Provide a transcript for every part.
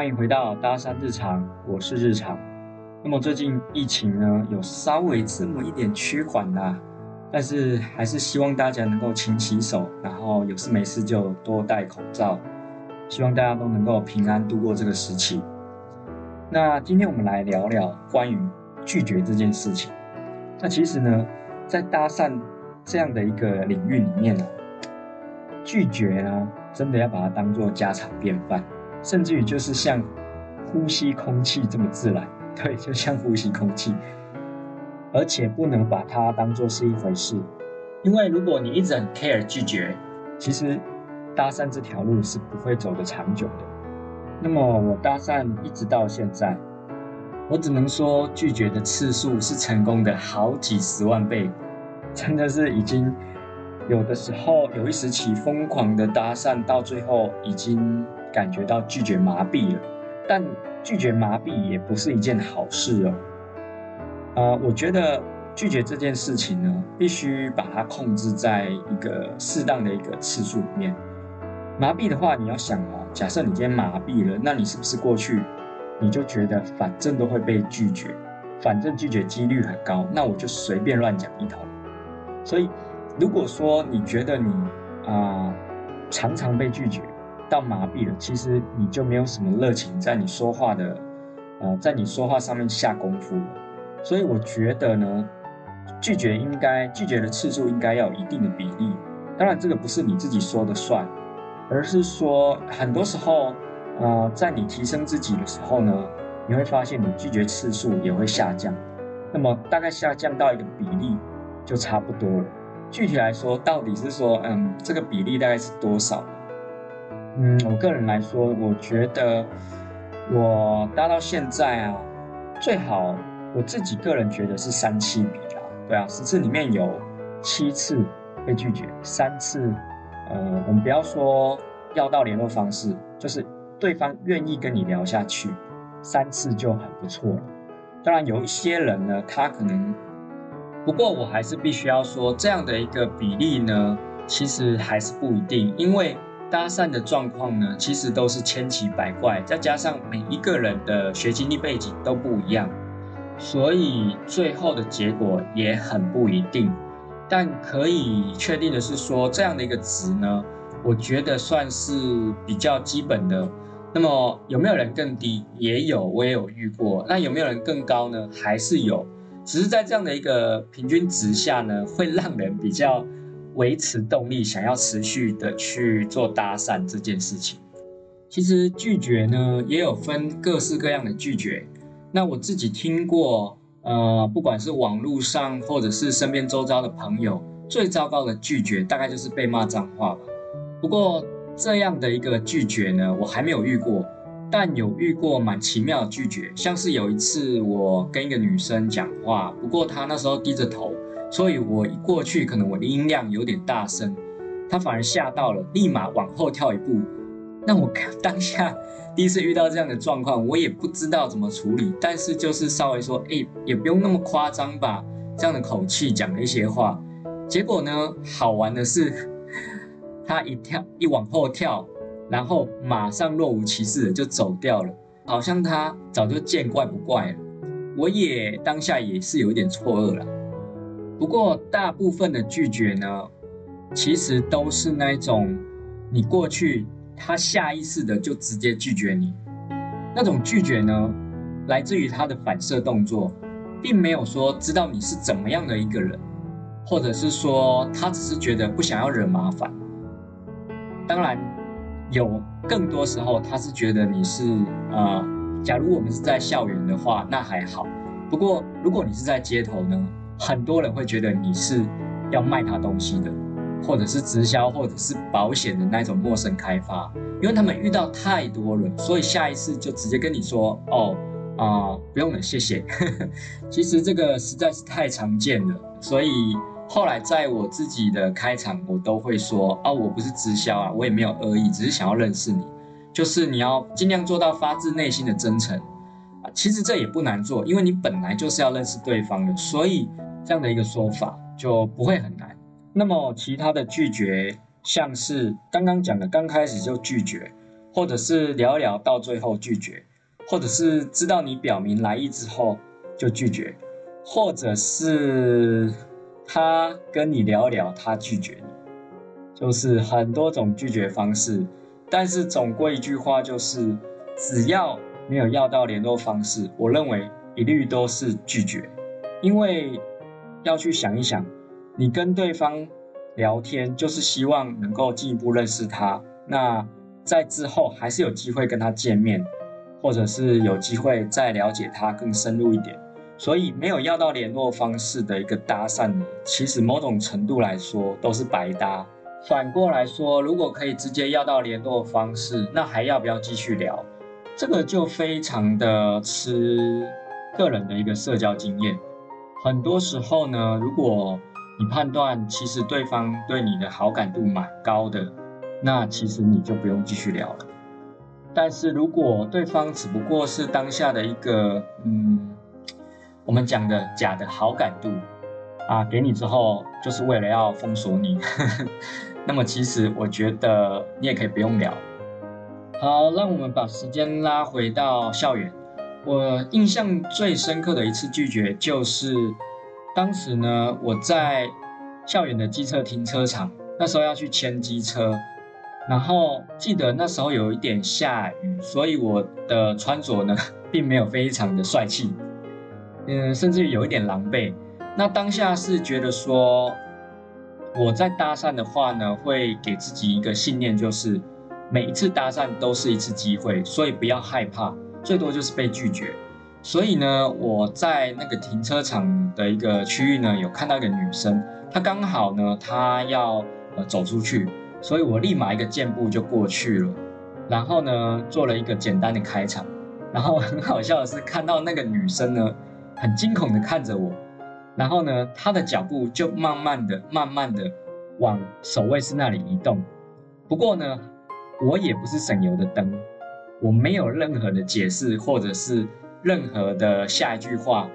歡迎回到搭訕日常，我是日常。那麼最近疫情呢，有稍微這麼一點趨緩啦，啊，但是還是希望大家能夠勤洗手，然後有事沒事就多戴口罩，希望大家都能夠平安度過這個時期。那今天我們來聊聊關於拒絕這件事情。那其實呢，在搭訕這樣的一個領域裡面呢，拒絕呢，真的要把它當做家常便飯。甚至於就是像呼吸空氣這麼自然，對，就像呼吸空氣，而且不能把它當做是一回事，因為如果你一直很 care 拒絕，其實搭訕這條路是不會走得長久的。那麼我搭訕一直到現在，我只能說拒絕的次數是成功的好幾十萬倍，真的是已經有的時候有一時期瘋狂的搭訕，到最後已經。感覺到拒絕麻痹了，但拒絕麻痹也不是一件好事哦。啊、呃，我覺得拒絕這件事情呢，必須把它控制在一個適當的一個次數裡面。麻痹的話，你要想哦、啊，假設你今天麻痹了，那你是不是過去你就覺得反正都會被拒絕，反正拒絕幾率很高，那我就隨便亂講一通。所以，如果說你覺得你啊、呃、常常被拒絕，到麻痹了，其實你就沒有什麼熱情在你說話的，呃，在你說話上面下功夫。所以我覺得呢，拒絕應該拒絕的次數應該要有一定的比例。當然，這個不是你自己說的算，而是說很多時候，呃，在你提升自己的時候呢，你會發現你拒絕次數也會下降。那麼大概下降到一個比例就差不多了。具體來說，到底是說，嗯，這個比例大概是多少？嗯，我個人來說，我覺得我搭到現在啊，最好我自己個人覺得是三七比啦。對啊，十次裡面有七次被拒絕，三次，呃，我們不要說要到聯絡方式，就是對方願意跟你聊下去，三次就很不錯了。當然，有一些人呢，他可能不過，我還是必須要說這樣的一個比例呢，其實還是不一定，因為。搭訕的狀況呢，其實都是千奇百怪，再加上每一個人的學經歷背景都不一樣，所以最後的結果也很不一定。但可以確定的是說，這樣的一個值呢，我覺得算是比較基本的。那麼有沒有人更低？也有，我也有遇過。那有沒有人更高呢？還是有，只是在這樣的一個平均值下呢，會讓人比較。維持動力，想要持續的去做搭訕這件事情。其實拒絕呢，也有分各式各樣的拒絕。那我自己聽過，呃，不管是網路上或者是身邊周遭的朋友，最糟糕的拒絕大概就是被罵髒話吧。不過這樣的一個拒絕呢，我還沒有遇過，但有遇過蠻奇妙的拒絕，像是有一次我跟一個女生講話，不過她那時候低着頭。所以，我一過去可能我的音量有點大聲，他反而嚇到了，立馬往後跳一步。那我看當下第一次遇到這樣的狀況，我也不知道怎麼處理，但是就是稍微說，哎，也不用那麼誇張吧，這樣的口氣講了一些話。結果呢，好玩的是，他一跳一往後跳，然後馬上若無其事的就走掉了，好像他早就見怪不怪了。我也當下也是有一點錯愕了。不過，大部分的拒絕呢，其實都是那種，你過去，他下意識的就直接拒絕你。那種拒絕呢，來自於他的反射動作，並沒有說知道你是怎麼樣的一個人，或者是說他只是覺得不想要惹麻煩。當然，有更多時候他是覺得你是呃，假如我們是在校園的話，那還好。不過，如果你是在街頭呢？很多人會覺得你是要賣他東西的，或者是直銷，或者是保險的那種陌生開發，因為他們遇到太多人，所以下一次就直接跟你說哦，啊、呃，不用了，謝謝。 其實這個實在是太常見了，所以後來在我自己的開場，我都會說哦、啊，我不是直銷啊，我也沒有惡意，只是想要認識你，就是你要盡量做到發自內心的真誠啊。其實這也不難做，因為你本來就是要認識對方的，所以。這樣的一個說法就不會很難。那麼其他的拒絕，像是剛剛講的，剛開始就拒絕，或者是聊一聊到最後拒絕，或者是知道你表明來意之後就拒絕，或者是他跟你聊一聊他拒絕你，就是很多種拒絕方式。但是總歸一句話就是，只要沒有要到聯絡方式，我認為一律都是拒絕，因為。要去想一想，你跟對方聊天就是希望能夠進一步認識他，那在之後還是有機會跟他見面，或者是有機會再了解他更深入一點。所以沒有要到聯絡方式的一個搭訕，其實某種程度來說都是白搭。反過來說，如果可以直接要到聯絡方式，那還要不要繼續聊？這個就非常的吃個人的一個社交經驗。很多時候呢，如果你判斷其實對方對你的好感度蠻高的，那其實你就不用繼續聊了。但是如果對方只不過是當下的一個，嗯，我們講的假的好感度啊，給你之後就是為了要封鎖你，呵呵，那麼其實我覺得你也可以不用聊。好，讓我們把時間拉回到校園。我印象最深刻的一次拒絕，就是當時呢，我在校園的機車停車場，那時候要去牽機車，然後記得那時候有一點下雨，所以我的穿着呢，並沒有非常的帥氣，嗯，甚至於有一點狼狽。那當下是覺得說，我在搭訕的話呢，會給自己一個信念，就是每一次搭訕都是一次機會，所以不要害怕。最多就是被拒絕，所以呢，我在那個停車場的一個區域呢，有看到一個女生，她剛好呢，她要呃走出去，所以我立馬一個箭步就過去了，然後呢，做了一個簡單的開場，然後很好笑的是，看到那個女生呢，很驚恐的看着我，然後呢，她的腳步就慢慢的、慢慢的往守衛室那裡移動，不過呢，我也不是省油的燈。我沒有任何的解釋，或者是任何的下一句話，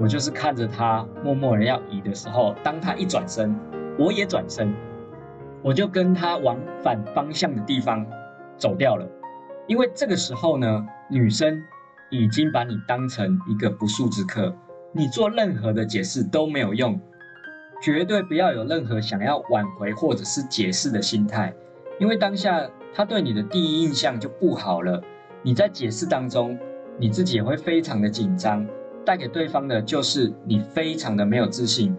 我就是看着他默默的要移的時候，當他一轉身，我也轉身，我就跟他往反方向的地方走掉了。因為這個時候呢，女生已經把你當成一個不速之客，你做任何的解釋都沒有用，絕對不要有任何想要挽回或者是解釋的心態，因為當下。他對你的第一印象就不好了，你在解釋當中，你自己也會非常的緊張，帶給對方的就是你非常的沒有自信，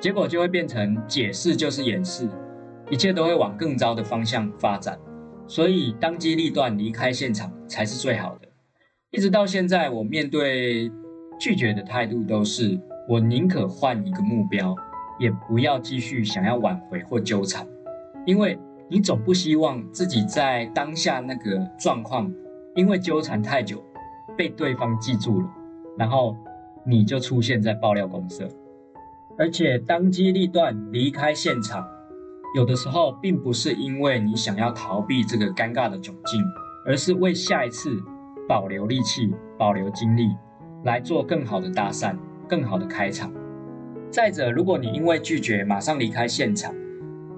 結果就會變成解釋就是掩飾，一切都會往更糟的方向發展，所以當機立斷離開現場才是最好的。一直到現在，我面對拒絕的態度都是，我寧可換一個目標，也不要繼續想要挽回或糾纏，因為，你總不希望自己在當下那個狀況，因為糾纏太久，被對方記住了，然後你就出現在爆料公社，而且當機立斷離開現場。有的時候，並不是因為你想要逃避這個尷尬的窘境，而是為下一次保留力氣、保留精力，來做更好的搭訕、更好的開場。再者，如果你因為拒絕馬上離開現場，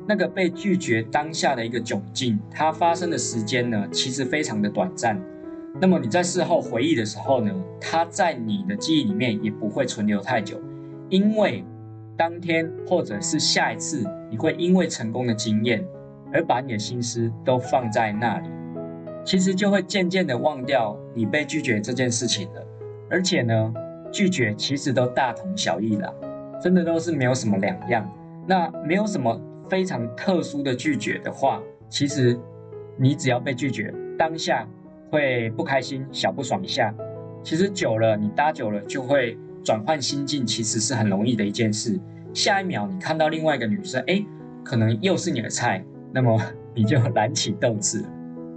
那個被拒絕當下的一個窘境，它發生的時間呢，其實非常的短暫。那麼你在事後回憶的時候呢，它在你的記憶裡面也不會存留太久，因為當天或者是下一次，你會因為成功的經驗而把你的心思都放在那裡，其實就會漸漸的忘掉你被拒絕這件事情了。而且呢，拒絕其實都大同小異了，真的都是沒有什麼兩樣。那沒有什麼。非常特殊的拒絕的話，其實你只要被拒絕，當下會不開心、小不爽一下。其實久了，你搭久了就會轉換心境，其實是很容易的一件事。下一秒你看到另外一個女生，誒，可能又是你的菜，那麼你就燃起鬥志。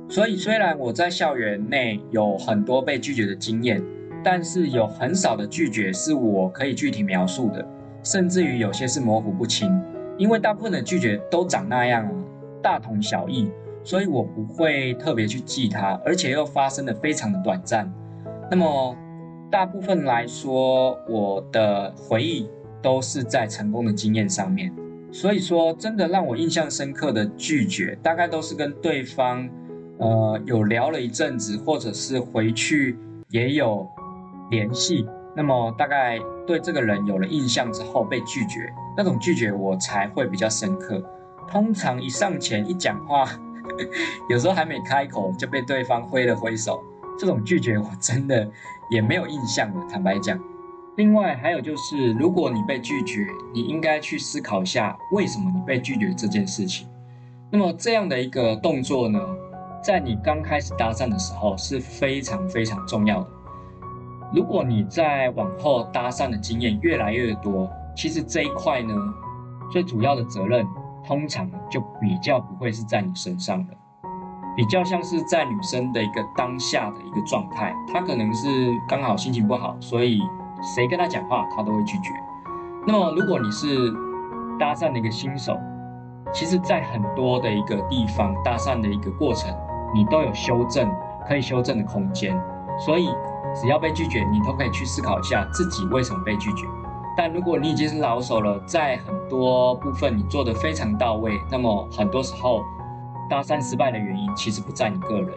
所以，雖然我在校園內有很多被拒絕的經驗，但是有很少的拒絕是我可以具體描述的，甚至於有些是模糊不清。因為大部分的拒絕都長那樣啊，大同小異，所以我不會特別去記它，而且又發生得非常的短暫。那麼，大部分來說，我的回憶都是在成功的經驗上面。所以說，真的讓我印象深刻的拒絕，大概都是跟對方，呃，有聊了一陣子，或者是回去也有聯繫。那麼大概對這個人有了印象之後被拒絕，那種拒絕我才會比較深刻。通常一上前一講話呵呵，有時候還沒開口就被對方揮了揮手，這種拒絕我真的也沒有印象了。坦白講，另外還有就是，如果你被拒絕，你應該去思考一下為什麼你被拒絕這件事情。那麼這樣的一個動作呢，在你剛開始搭訕的時候是非常非常重要的。如果你在往後搭訕的經驗越來越多，其實這一塊呢，最主要的責任通常就比較不會是在你身上的，比較像是在女生的一個當下的一個狀態，她可能是剛好心情不好，所以誰跟她講話她都會拒絕。那麼如果你是搭訕的一個新手，其實，在很多的一個地方搭訕的一個過程，你都有修正可以修正的空間，所以。只要被拒絕，你都可以去思考一下自己為什麼被拒絕。但如果你已經是老手了，在很多部分你做得非常到位，那麼很多時候搭訕失敗的原因其實不在你個人。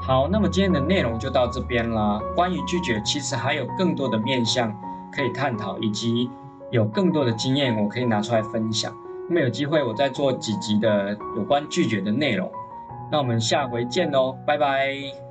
好，那麼今天的內容就到這邊啦。關於拒絕，其實還有更多的面向可以探討，以及有更多的經驗我可以拿出來分享。那麼有機會我再做幾集的有關拒絕的內容。那我們下回見嘍，拜拜。